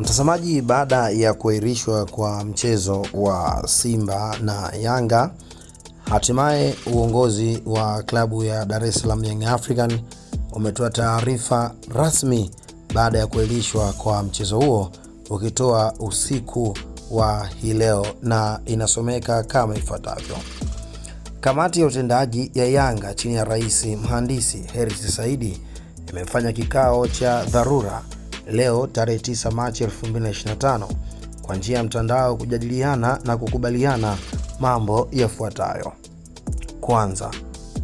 Mtazamaji, baada ya kuahirishwa kwa mchezo wa Simba na Yanga, hatimaye uongozi wa klabu ya Dar es Salaam Young African umetoa taarifa rasmi baada ya kuahirishwa kwa mchezo huo ukitoa usiku wa hii leo na inasomeka kama ifuatavyo: Kamati ya utendaji ya Yanga chini ya Rais Mhandisi Hersi Saidi imefanya kikao cha dharura leo tarehe 9 Machi 2025 kwa njia ya mtandao kujadiliana na kukubaliana mambo yafuatayo. Kwanza,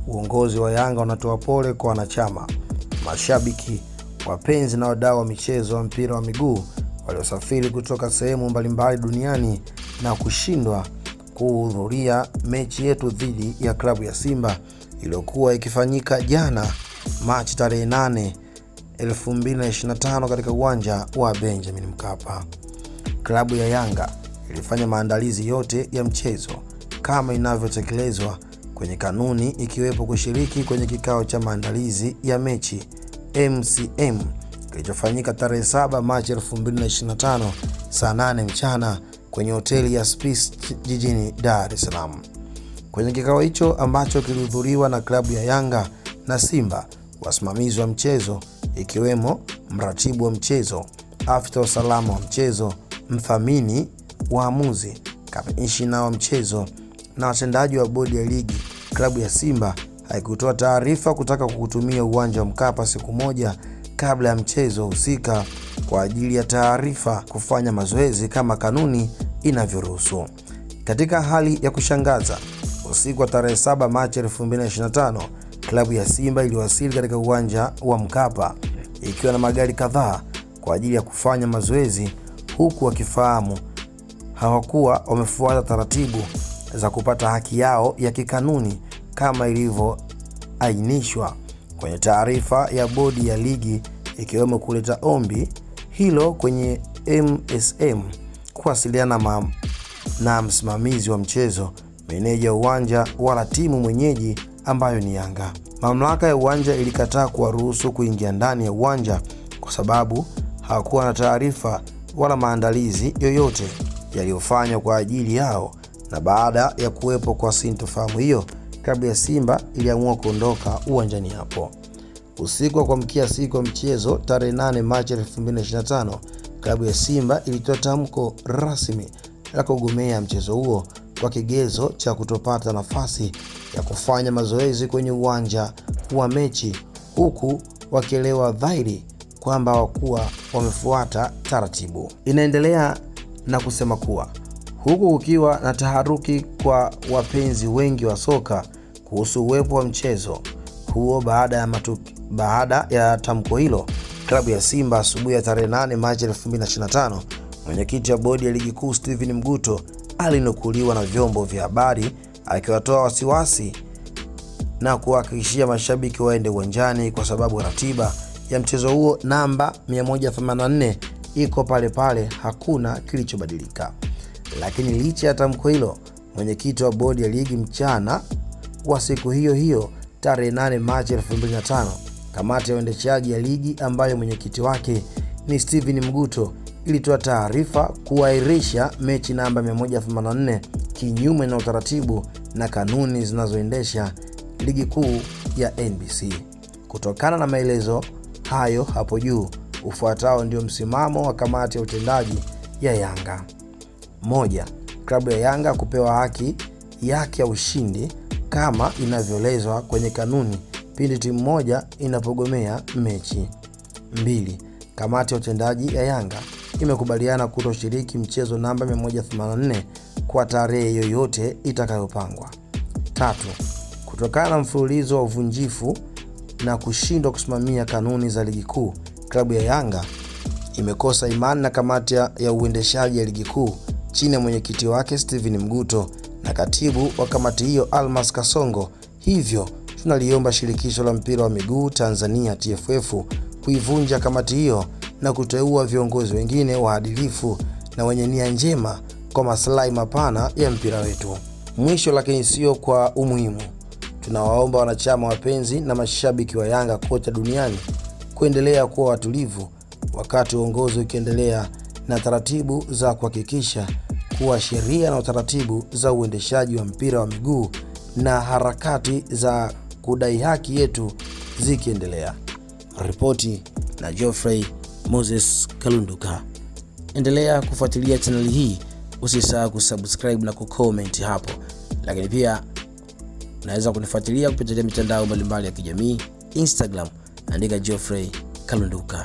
uongozi wa Yanga unatoa pole kwa wanachama, mashabiki, wapenzi na wadau wa michezo wa mpira wa miguu waliosafiri kutoka sehemu mbalimbali duniani na kushindwa kuhudhuria mechi yetu dhidi ya klabu ya Simba iliyokuwa ikifanyika jana Machi tarehe 8 2025 katika uwanja wa Benjamin Mkapa. Klabu ya Yanga ilifanya maandalizi yote ya mchezo kama inavyotekelezwa kwenye kanuni, ikiwepo kushiriki kwenye kikao cha maandalizi ya mechi MCM kilichofanyika tarehe 7 Machi 2025 saa 8 mchana kwenye hoteli ya Spice jijini Dar es Salaam. Kwenye kikao hicho ambacho kilihudhuriwa na klabu ya Yanga na Simba, wasimamizi wa mchezo ikiwemo mratibu wa mchezo, afisa usalama wa mchezo, mthamini, waamuzi, kamishina wa mchezo na watendaji wa bodi ya ligi. Klabu ya Simba haikutoa taarifa kutaka kuhutumia uwanja wa Mkapa siku moja kabla ya mchezo husika kwa ajili ya taarifa kufanya mazoezi kama kanuni inavyoruhusu. Katika hali ya kushangaza, usiku wa tarehe 7 Machi 2025 Klabu ya Simba iliwasili katika uwanja wa Mkapa ikiwa na magari kadhaa kwa ajili ya kufanya mazoezi, huku wakifahamu hawakuwa wamefuata taratibu za kupata haki yao ya kikanuni kama ilivyoainishwa kwenye taarifa ya bodi ya ligi, ikiwemo kuleta ombi hilo kwenye MSM, kuwasiliana na msimamizi wa mchezo, meneja uwanja wala timu mwenyeji ambayo ni Yanga. Mamlaka ya uwanja ilikataa kuwaruhusu kuingia ndani ya uwanja kwa sababu hawakuwa na taarifa wala maandalizi yoyote yaliyofanywa kwa ajili yao, na baada ya kuwepo kwa sintofahamu hiyo, klabu ya Simba iliamua kuondoka uwanjani hapo. Usiku wa kuamkia siku ya mchezo tarehe 8 Machi 2025, klabu ya Simba ilitoa tamko rasmi la kugomea mchezo huo kwa kigezo cha kutopata nafasi ya kufanya mazoezi kwenye uwanja wa mechi, huku wakielewa dhahiri kwamba hawakuwa wamefuata taratibu. Inaendelea na kusema kuwa huku kukiwa na taharuki kwa wapenzi wengi wa soka kuhusu uwepo wa mchezo huo baada ya, matuki, baada ya tamko hilo, klabu ya Simba asubuhi ya tarehe 8 Machi 2025, mwenyekiti wa bodi ya ligi kuu Steven Mguto alinukuliwa na vyombo vya habari akiwatoa wasiwasi na kuhakikishia mashabiki waende uwanjani kwa sababu ratiba ya mchezo huo namba 184 iko pale pale, hakuna kilichobadilika. Lakini licha ya tamko hilo, mwenyekiti wa bodi ya ligi mchana wa siku hiyo hiyo tarehe 8 Machi 2025, kamati ya uendeshaji ya ligi ambayo mwenyekiti wake ni Steven Mguto ilitoa taarifa kuahirisha mechi namba 184 kinyume na utaratibu na kanuni zinazoendesha ligi kuu ya NBC. Kutokana na maelezo hayo hapo juu, ufuatao ndio msimamo wa kamati ya utendaji ya Yanga. Moja, klabu ya Yanga kupewa haki yake ya ushindi kama inavyoelezwa kwenye kanuni pindi timu moja inapogomea mechi. Mbili, kamati ya utendaji ya Yanga imekubaliana kutoshiriki mchezo namba 184 kwa tarehe yoyote itakayopangwa. Tatu, kutokana na mfululizo wa uvunjifu na kushindwa kusimamia kanuni za ligi kuu, klabu ya Yanga imekosa imani na kamati ya uendeshaji ya ligi kuu chini ya mwenyekiti wake Steven Mguto na katibu wa kamati hiyo Almas Kasongo. Hivyo tunaliomba shirikisho la mpira wa miguu Tanzania TFF kuivunja kamati hiyo na kuteua viongozi wengine waadilifu na wenye nia njema kwa maslahi mapana ya mpira wetu. Mwisho lakini sio kwa umuhimu, tunawaomba wanachama wapenzi na mashabiki wa Yanga kote duniani kuendelea kuwa watulivu wakati uongozi ukiendelea na taratibu za kuhakikisha kuwa sheria na taratibu za uendeshaji wa mpira wa miguu na harakati za kudai haki yetu zikiendelea. Ripoti na Geoffrey Moses Kalunduka. Endelea kufuatilia chaneli hii, usisahau kusubscribe na kucomment hapo, lakini pia unaweza kunifuatilia kupitia mitandao mbalimbali ya kijamii. Instagram andika Geoffrey Kalunduka.